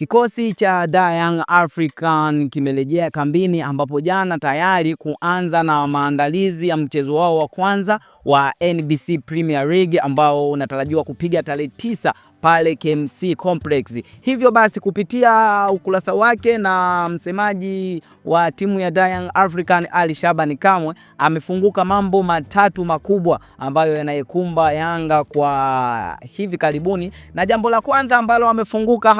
Kikosi cha The Young African kimerejea kambini ambapo jana tayari kuanza na maandalizi ya mchezo wao wa kwanza wa NBC Premier League ambao unatarajiwa kupiga tarehe tisa pale KMC Complex. Hivyo basi kupitia ukurasa wake na msemaji wa timu ya Young African Ali Shabani Kamwe amefunguka mambo matatu makubwa ambayo yanayekumba Yanga kwa hivi karibuni, na jambo la kwanza ambalo amefunguka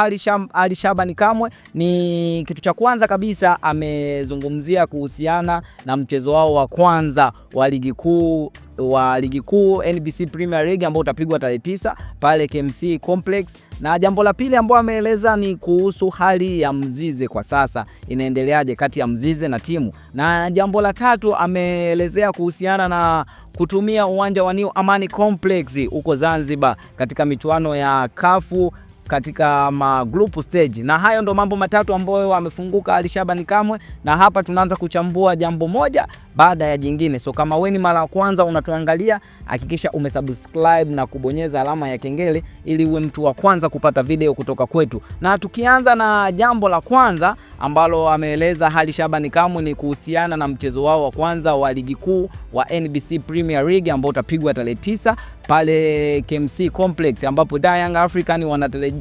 Ali Shabani Kamwe ni kitu cha kwanza kabisa, amezungumzia kuhusiana na mchezo wao wa kwanza wa ligi kuu wa ligi kuu NBC Premier League ambao utapigwa tarehe tisa pale KMC Complex. Na jambo la pili ambao ameeleza ni kuhusu hali ya Mzize kwa sasa inaendeleaje kati ya Mzize na timu, na jambo la tatu ameelezea kuhusiana na kutumia uwanja wa New Amani Complex huko Zanzibar katika michuano ya kafu katika ma group stage, na hayo ndo mambo matatu ambayo amefunguka Ali Shabani Kamwe, na hapa tunaanza kuchambua jambo moja baada ya jingine. So kama wewe ni mara ya kwanza unatuangalia, hakikisha umesubscribe na kubonyeza alama ya kengele ili uwe mtu wa kwanza kupata video kutoka kwetu, na tukianza na jambo la kwanza ambalo ameeleza Herli Shabani Kamwe ni kuhusiana na mchezo wao wa kwanza wa ligi kuu wa NBC Premier League ambao utapigwa tarehe tisa pale KMC Complex ambapo da Young African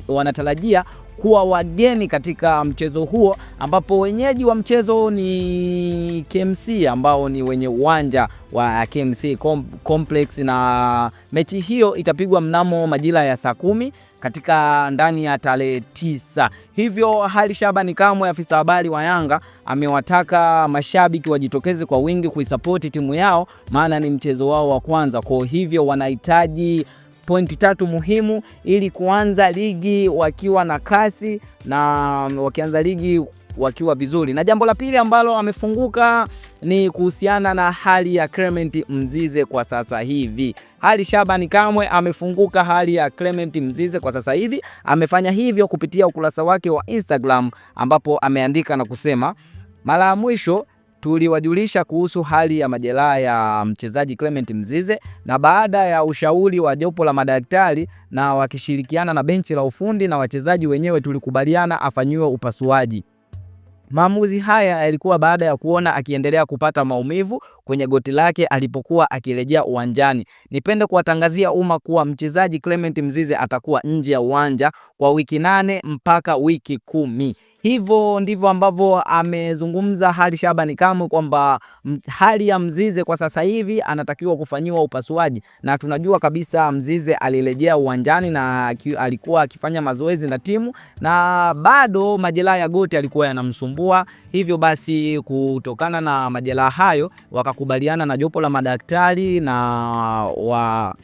wanatarajia kuwa wageni katika mchezo huo, ambapo wenyeji wa mchezo ni KMC ambao ni wenye uwanja wa KMC Complex, na mechi hiyo itapigwa mnamo majira ya saa kumi katika ndani ya tarehe tisa. Hivyo hali Shabani Kamwe, afisa habari wa Yanga, amewataka mashabiki wajitokeze kwa wingi kuisapoti timu yao, maana ni mchezo wao wa kwanza. Kwa hivyo wanahitaji pointi tatu muhimu ili kuanza ligi wakiwa na kasi na wakianza ligi wakiwa vizuri. Na jambo la pili ambalo amefunguka ni kuhusiana na hali ya Clement Mzize kwa sasa hivi. hali Shabani Kamwe amefunguka hali ya Clement Mzize kwa sasa hivi. Amefanya hivyo kupitia ukurasa wake wa Instagram ambapo ameandika na kusema mara ya mwisho tuliwajulisha kuhusu hali ya majeraha ya mchezaji Clement Mzize, na baada ya ushauri wa jopo la madaktari na wakishirikiana na benchi la ufundi na wachezaji wenyewe, tulikubaliana afanyiwe upasuaji. Maamuzi haya yalikuwa baada ya kuona akiendelea kupata maumivu kwenye goti lake alipokuwa akirejea uwanjani. Nipende kuwatangazia umma kuwa mchezaji Clement Mzize atakuwa nje ya uwanja kwa wiki nane mpaka wiki kumi. Hivyo ndivyo ambavyo amezungumza Ally Shabani Kamwe kwamba hali ya Mzize kwa sasa hivi anatakiwa kufanyiwa upasuaji, na tunajua kabisa Mzize alirejea uwanjani na alikuwa akifanya mazoezi na timu na bado majeraha ya goti alikuwa yanamsumbua. Hivyo basi, kutokana na majeraha hayo wakakubaliana na jopo la madaktari na wa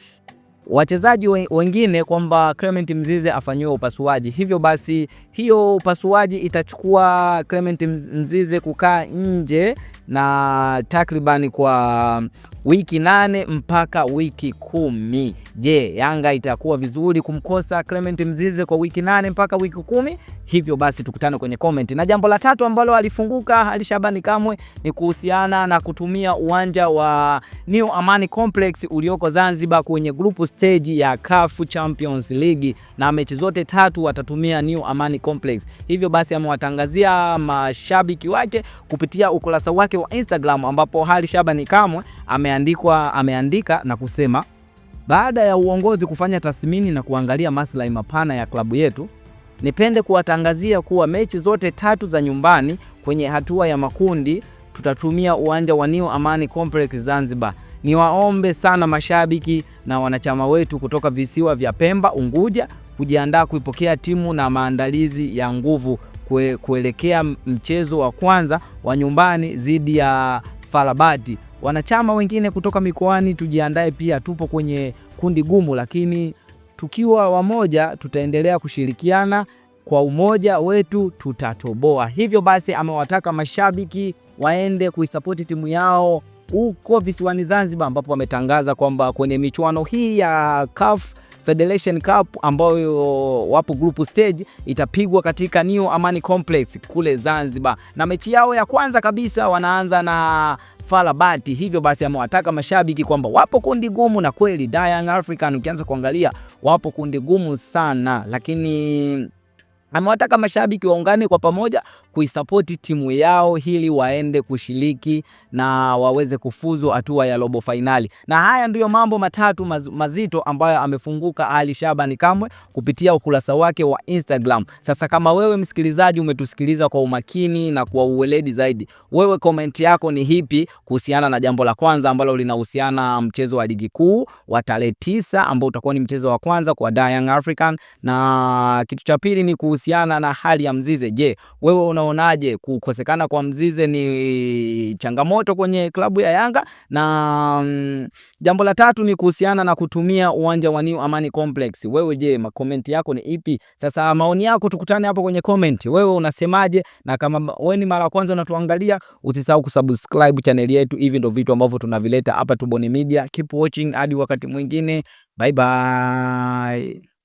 wachezaji wengine kwamba Clement Mzize afanyiwe upasuaji. Hivyo basi hiyo upasuaji itachukua Clement Mzize kukaa nje na takriban kwa wiki nane mpaka wiki kumi. Je, Yanga itakuwa vizuri kumkosa Clement Mzize kwa wiki nane mpaka wiki kumi? Hivyo basi tukutane kwenye comment. Na jambo la tatu ambalo alifunguka Ali Shabani Kamwe ni kuhusiana na kutumia uwanja wa New Amani Complex ulioko Zanzibar kwenye group stage ya CAF Champions League, na mechi zote tatu watatumia New Amani Complex. Hivyo basi amewatangazia mashabiki wake kupitia ukurasa wake wake wa Instagram ambapo Hali Shabani Kamwe ameandikwa ameandika na kusema baada ya uongozi kufanya tathmini na kuangalia maslahi mapana ya klabu yetu, nipende kuwatangazia kuwa mechi zote tatu za nyumbani kwenye hatua ya makundi tutatumia uwanja wa New Amani Complex Zanzibar. Niwaombe sana mashabiki na wanachama wetu kutoka visiwa vya Pemba, Unguja kujiandaa kuipokea timu na maandalizi ya nguvu kue, kuelekea mchezo wa kwanza wa nyumbani dhidi ya Farabati. Wanachama wengine kutoka mikoani tujiandae pia, tupo kwenye kundi gumu, lakini tukiwa wamoja tutaendelea kushirikiana kwa umoja wetu tutatoboa. Hivyo basi, amewataka mashabiki waende kuisapoti timu yao huko visiwani Zanzibar, ambapo wametangaza kwamba kwenye michuano hii ya CAF Federation Cup ambayo wapo group stage itapigwa katika New Amani Complex kule Zanzibar, na mechi yao ya kwanza kabisa wanaanza na falabati Hivyo basi amewataka mashabiki kwamba wapo kundi gumu, na kweli Young African ukianza kuangalia wapo kundi gumu sana, lakini amewataka mashabiki waungane kwa pamoja kuisapoti timu yao ili waende kushiriki na waweze kufuzu hatua ya robo fainali. Na haya ndiyo mambo matatu mazito ambayo amefunguka Ali Shabani Kamwe kupitia ukurasa wake wa Instagram. Sasa kama wewe msikilizaji umetusikiliza kwa umakini na kwa uweledi zaidi, wewe komenti yako ni hipi kuhusiana na jambo la kwanza ambalo linahusiana mchezo wa ligi kuu wa tarehe tisa ambao utakuwa ni mchezo wa kwanza kwa Young African, na kitu cha pili ni kuhusiana na hali ya Mzize. Je, wewe una unaonaje kukosekana kwa Mzize ni changamoto kwenye klabu ya Yanga? Na um, jambo la tatu ni kuhusiana na kutumia uwanja wa New Amani Complex. Wewe je, makomenti yako ni ipi? Sasa maoni yako tukutane hapo kwenye comment. Wewe unasemaje? Na kama wewe ni mara ya kwanza unatuangalia, usisahau kusubscribe channel yetu. Hivi ndio vitu ambavyo tunavileta hapa Tubone Media. Keep watching hadi wakati mwingine. Bye bye.